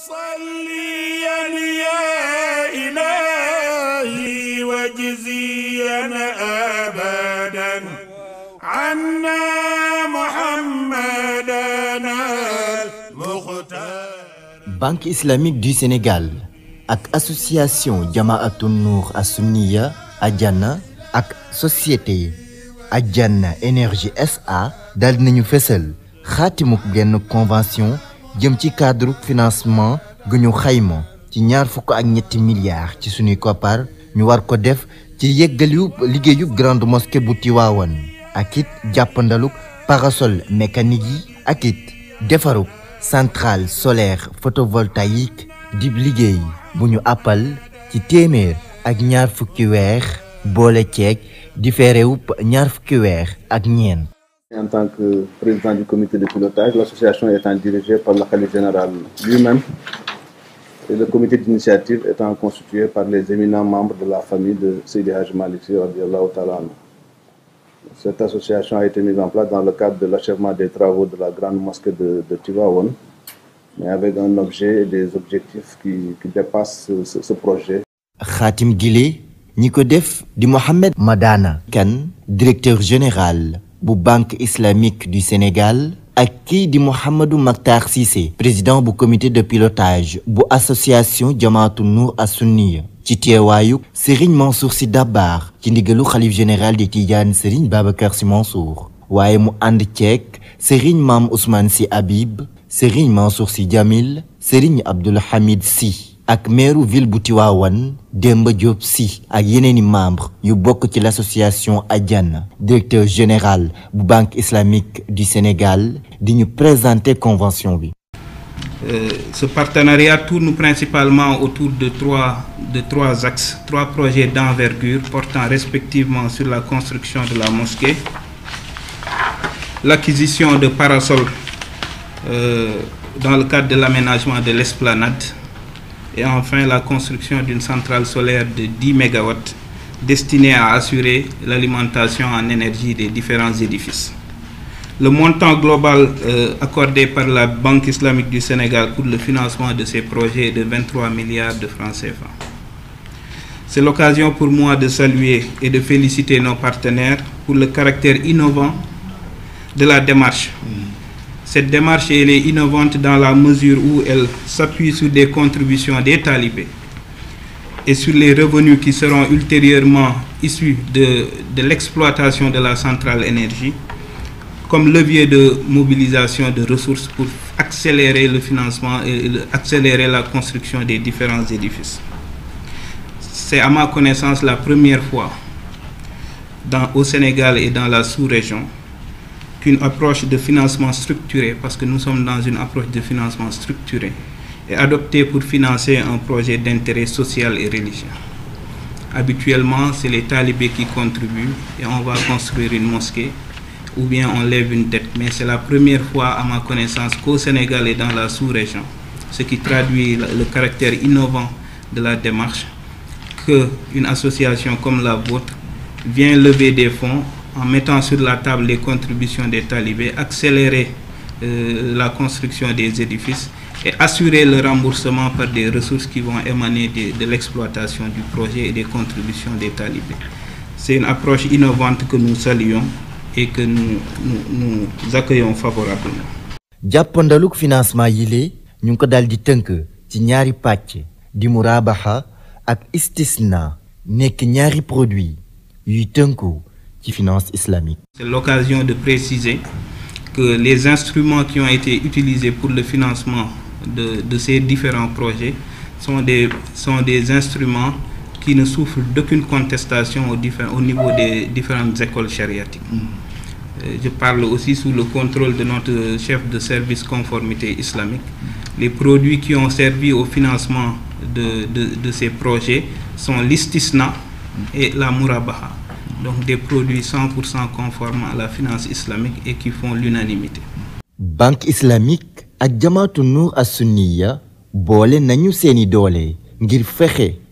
صليا يا إلهي وجزيا أبدا عنا محمدا المختار Banque islamique du Sénégal ak association Jamaatun Nour As-Sunniya Ajana ak société Ajana énergie SA dal nañu fësal xaatimuk benn convention jëm ci cadre financement gëñu ñu xayma ci ñaar fukk ak ñetti milliards ci suñuy koppar ñu war ko def ci yu liggéeyub grande mosquée bu Tiwaawan ak it jàppandaluk parasol mécanique yi ak it centrale solaire photovoltaïque di liggéey bu ñu appal ci téeméer ak ñaar fukki weer boole ceeg di ñaar fukki ak ñeen en tant que président du comité de pilotage, l'association étant dirigée par la général lui-même et le comité d'initiative étant constitué par les éminents membres de la famille de Sidi Haj Maliki. Cette association a été mise en place dans le cadre de l'achèvement des travaux de la grande mosquée de, de mais avec un objet et des objectifs qui, dépassent ce, projet. Khatim Gili, Nikodef, Di Mohamed Madana Ken, directeur général bu banque islamique du Sénégal ak di Mohamedou Mactar Cissé président du comité de pilotage bu association jamaatu Nour as-Sunniya ci Mansoursi Serigne Mansour Sidabar, ci général de Tidiane Serigne Babacar Mansour waaye mu Andi Mam Serigne Mam Ousmane Si Habib Serigne Mansour Djamil Serigne Abdul Hamid Si ak meeru ville bu Demba membre l'association Adiana directeur général du banque islamique du Sénégal di ñu présenter convention euh, ce partenariat tourne principalement autour de trois de trois axes trois projets d'envergure portant respectivement sur la construction de la mosquée l'acquisition de parasols euh, dans le cadre de l'aménagement de l'esplanade et enfin la construction d'une centrale solaire de 10 MW destinée à assurer l'alimentation en énergie des différents édifices. Le montant global euh, accordé par la Banque islamique du Sénégal pour le financement de ces projets est de 23 milliards de francs CFA. C'est l'occasion pour moi de saluer et de féliciter nos partenaires pour le caractère innovant de la démarche cette démarche est innovante dans la mesure où elle s'appuie sur des contributions des talibés et sur les revenus qui seront ultérieurement issus de, de l'exploitation de la centrale énergie comme levier de mobilisation de ressources pour accélérer le financement et accélérer la construction des différents édifices. C'est à ma connaissance la première fois au Sénégal et dans la sous-région qu'une approche de financement structuré, parce que nous sommes dans une approche de financement structuré, est adoptée pour financer un projet d'intérêt social et religieux. Habituellement, c'est les talibés qui contribuent et on va construire une mosquée ou bien on lève une dette. Mais c'est la première fois à ma connaissance qu'au Sénégal et dans la sous-région, ce qui traduit le caractère innovant de la démarche, qu'une association comme la vôtre vient lever des fonds en mettant sur la table les contributions des talibés, accélérer euh, la construction des édifices et assurer le remboursement par des ressources qui vont émaner de, l'exploitation du projet et des contributions des talibés. C'est une approche innovante que nous saluons et que nous, nous, accueillons favorablement. jàppandaluk financement yile, lée ñu ngi ko daal di tënk ci ñaari pàcc di muraabaxa ak istisna nekk ñaari produit yuy qui finance islamique. C'est l'occasion de préciser que les instruments qui ont été utilisés pour le financement de, ces différents projets sont des, instruments qui ne souffrent d'aucune contestation au, niveau des différentes écoles chariatiques. Mm. Euh, je parle aussi sous le contrôle de notre chef de service conformité islamique. Mm. Les produits qui ont servi au financement de, ces projets sont l'istisna mm. et la murabaha donc des produits 100% conformes à la finance islamique et qui font l'unanimité. banque islamique ak jamaatu Nour as-Sunniya boole nañu seeni dolé ngir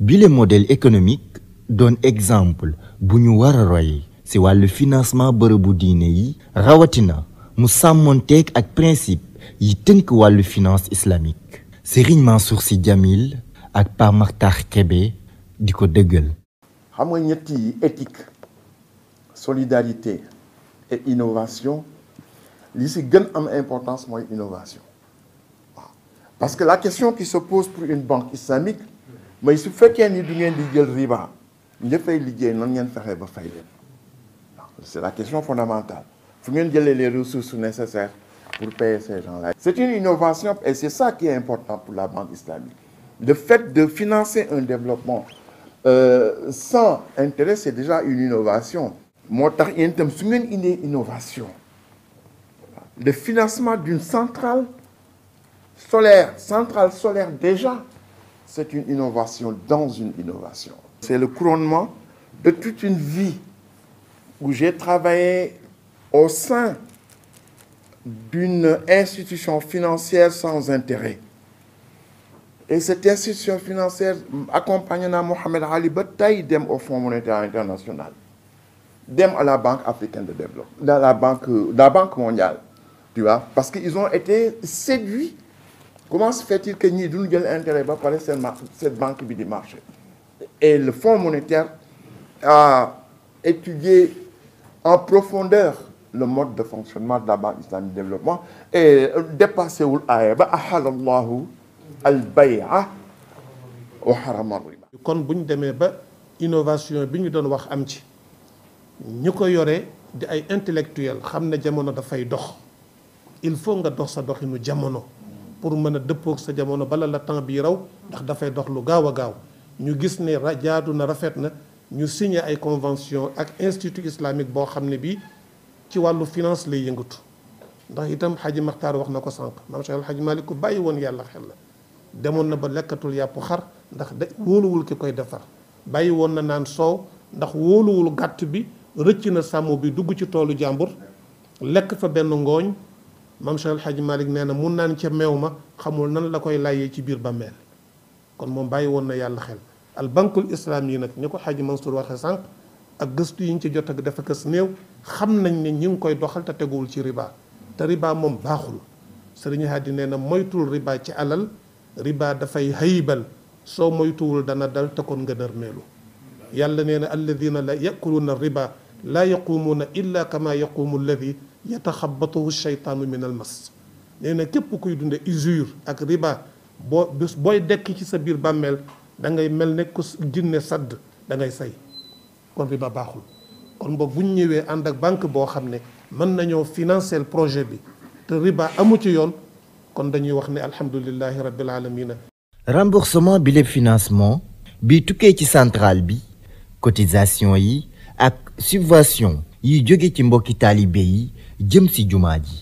bi Le modèle économique donne exemple bu ñu war le roy ci financement borobudinei, diiné yi rawatina mu samonté ak principe yi tënk le finance islamique C'est Mansour Sourci Djamil ak par martar du diko ko xam nga ñetti éthique solidarité et innovation Ici, gagne en importance moi innovation parce que la question qui se pose pour une banque islamique du c'est la question fondamentale Il faut jëlee les ressources nécessaires pour payer ces gens-là c'est une innovation et c'est ça qui est important pour la banque islamique le fait de financer un développement euh, sans intérêt c'est déjà une innovation innovation le financement d'une centrale solaire centrale solaire déjà c'est une innovation dans une innovation c'est le couronnement de toute une vie où j'ai travaillé au sein d'une institution financière sans intérêt et cette institution financière accompagnée de Mohamed Ali ba au Fonds monétaire international même à la Banque africaine de développement, dans la Banque, mondiale, tu vois, parce qu'ils ont été séduits. Comment se fait-il que nous à l'intérêt de cette banque du marché Et le Fonds monétaire a étudié en profondeur le mode de fonctionnement de la Banque islamique de développement et dépassé l'AEBA, ahalallahu al-bay'a wa haramarriba. Quand nous a une innovation, ñu ko yore di ay intellectuel xam ne jamono dafay dox il faut nga dox sa doxinu jamono pour mën a dëppook sa jamono bala la temps bii raw ndax dafay dox lu gaaw a gaaw ñu gis ne jaadu na rafet na ñu signé ay convention ak institut islamique boo xam ne bii ci wàllu finance lay yëngatu ndax itam xaji maxtaar wax na ko sànq maam Cheikh Alxaji Malik ku bàyyi woon yàlla xel la demoon na ba lekkatul yàpp xar ndax de wóoluwul ki koy defar bàyyi woon na naan soow ndax wóoluwul gàtt bi rëcc na sàmm bi dugg ci toolu jàmbur lekk fa benn ngooñ maam Cheikh El Hadj Malick nee na mun naan ca meew ma xamul nan la koy layyee ci biir bàmmeel kon moom bàyyi woon na yàlla xel al bankul islam yi nag ñi ko Hadj Mansour waxee sànq ak gëstu yi ñu ci jot ak dafa kës néew xam nañ ne ñi ngi koy doxal te teguwul ci riba te riba moom baaxul sëriñ Hadi nee na moytul riba ci alal riba dafay hayibal soo moytuwul dana dal te kon nga nërmeelu yàlla nee na alladina la yakuluuna riba لا يقومون الا كما يقوم الذي يتخبطه الشيطان من المس نينا كيب كوي دوند ايزور اك ربا بوي ديك سي سا بير بامل دا ngay مل نك جين صد دا ngay ساي كون ربا باخول كون بو بو نيوي اندك بانك بو خامني من نانيو فينانسيل بروجي بي تي ربا امو تي يون كون دا نيو واخني الحمد لله رب العالمين رامبورسمون بيلي فينانسمون بي توكي سي سنترال بي كوتيزاسيون يي subvention yi jóge ci mbokki taalibe yi jëm ci jumaa ji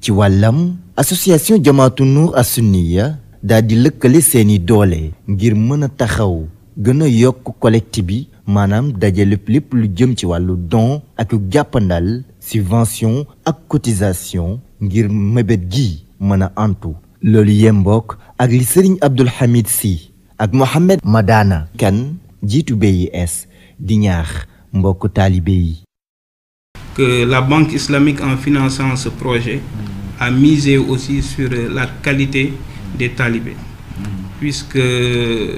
ci wàllam association jamaatu nuur as-sunniya daal di lëkkale seeni doole ngir mën a taxaw gën a yokk collecte bi maanaam daje lépp lépp lu jëm ci wàllu don ak jàppandal subvention ak cotisation ngir mébét gi mën a antu loolu yembook ak li sëriñ Abdul Hamid Si ak Mohamed Madana kan jiitu BIS di ñaax beaucoup que la banque islamique en finançant ce projet a misé aussi sur la qualité des talibés puisque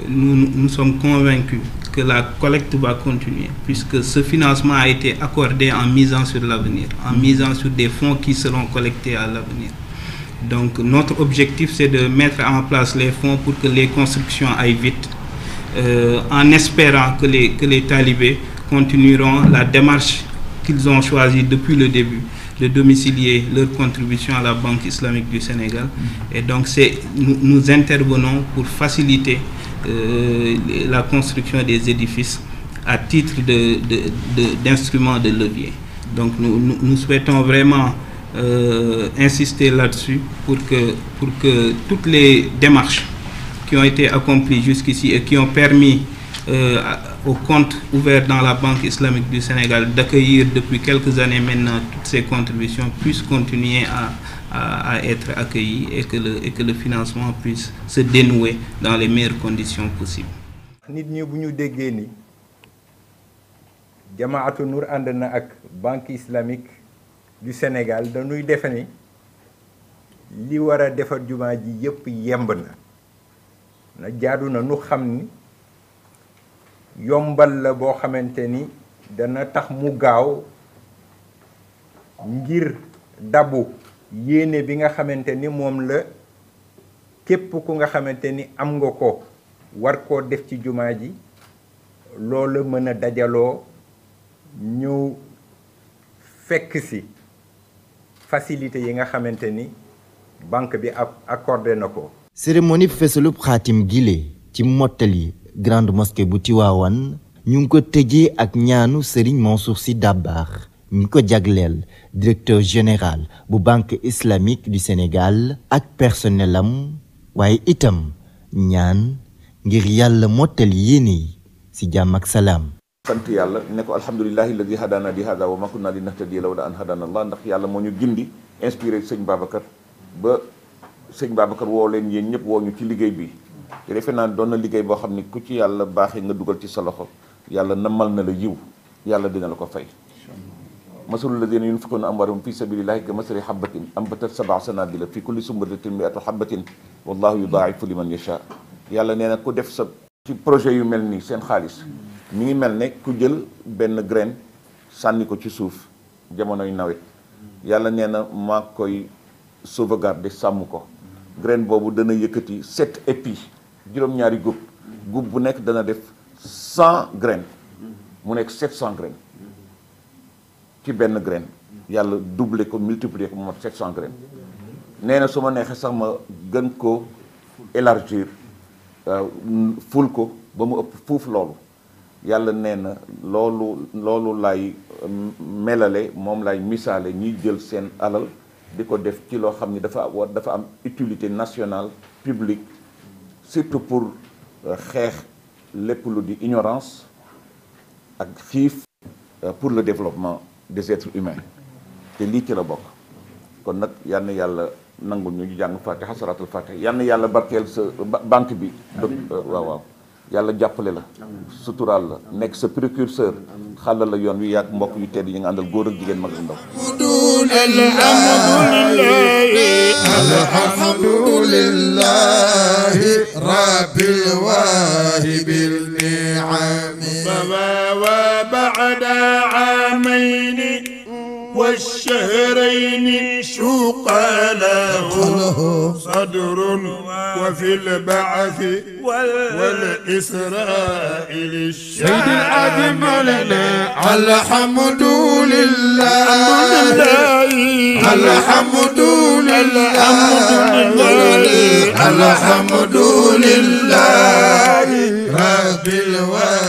nous, nous sommes convaincus que la collecte va continuer, puisque ce financement a été accordé en misant sur l'avenir, en misant sur des fonds qui seront collectés à l'avenir. Donc notre objectif, c'est de mettre en place les fonds pour que les constructions aillent vite, euh, en espérant que les, que les talibés continueront la démarche qu'ils ont choisie depuis le début de domicilier leur contribution à la Banque islamique du Sénégal. Mm-hmm. Et donc, nous, nous intervenons pour faciliter euh, la construction des édifices à titre d'instruments de, levier. Donc, nous, souhaitons vraiment euh, insister là-dessus pour que, pour que toutes les démarches qui ont été accomplies jusqu'ici et qui ont permis euh, au compte ouvert dans la Banque islamique du Sénégal d'accueillir depuis quelques années maintenant toutes ces contributions puissent continuer à, être accueillies et que, le, financement puisse se dénouer dans les meilleures conditions possibles. banque islamique du Sénégal yépp yombal la boo xamante ni dana tax mu gaaw ngir dabu yéene bi nga xamante ni moom la képp ku nga xamante ni am nga ko war koo def ci jumaa ji loola mën a dajaloo ñëw fekk ci facilité yi nga xamante ni banque bi accordé na ko cérémonie fesalub xaatim gile ci yi grande mosquée bu Tiwaawan ñu ko tëjee ak ñaanu Serigne Mansour Sy Dabakh ñu ko directeur général bu banque islamique du Sénégal ak personnel am itam ñaan ngir yalla motel yéene ci jàmm ak salam sant yalla ne ko alhamdulilahi hadana bi hada wa ma kunna li nahtadiya lawla an hadana allah ndax yalla mo ñu gindi inspiré serigne Babacar ba serigne Babacar wo len yeen ñep wo ñu ci bi. te defe naa doon na liggéey boo xam ni ku ci yàlla baaxee nga dugal ci sa loxo yàlla mal na la yiw yàlla dina la ko fay masalu ladina yunfiquna amwaalahum fi sabilillahi ka masali habatin ambatat sab'a sanabila fi kulli sumratin mi'atu habatin wallahu yudaa'ifu liman yasha yàlla nee na ku def sa ci projet yu mel nii seen xaalis mi ngi mel ne ku jël benn graine sànni ko ci suuf jamonoy nawet yàlla nee na maa koy sauvegarder sàmm ko graine boobu dana yëkkati sept épis juróom-ñaari graines. Il bu nek dana def 700 graines mu nek graines ci benne graine yalla doubler ko multiplier mu graines suma nexe sax ma gën ko élargir euh, ful ko ba mu upp fouf lolu yalla lolu lolu lay euh, mom lay misalé ñi jël sen alal diko def ci lo dafa utilité nationale publique surtout pour euh, xeex lépp lu di ignorance ak euh, pour le développement des êtres humains te lii ci la bokk kon nag y a yàlla nangul ñu jàng fatiha salatul fatiha yal na yàlla barkeel sa banque bi euh, waaw waaw Yalla jàppale la sutural la nek sa précurseur xàllal la yoon wi yak mbokk yu tedd yi nga andal góor ak jigéen mag ak ndaw الحمد لله الحمد لله رب الواهب النعم فما وبعد عامين والشهرين شوق له صدر وفي البعث والإسرائيل الشهر سيد العظيم لنا الحمد لله الحمد لله الحمد لله رب الوالد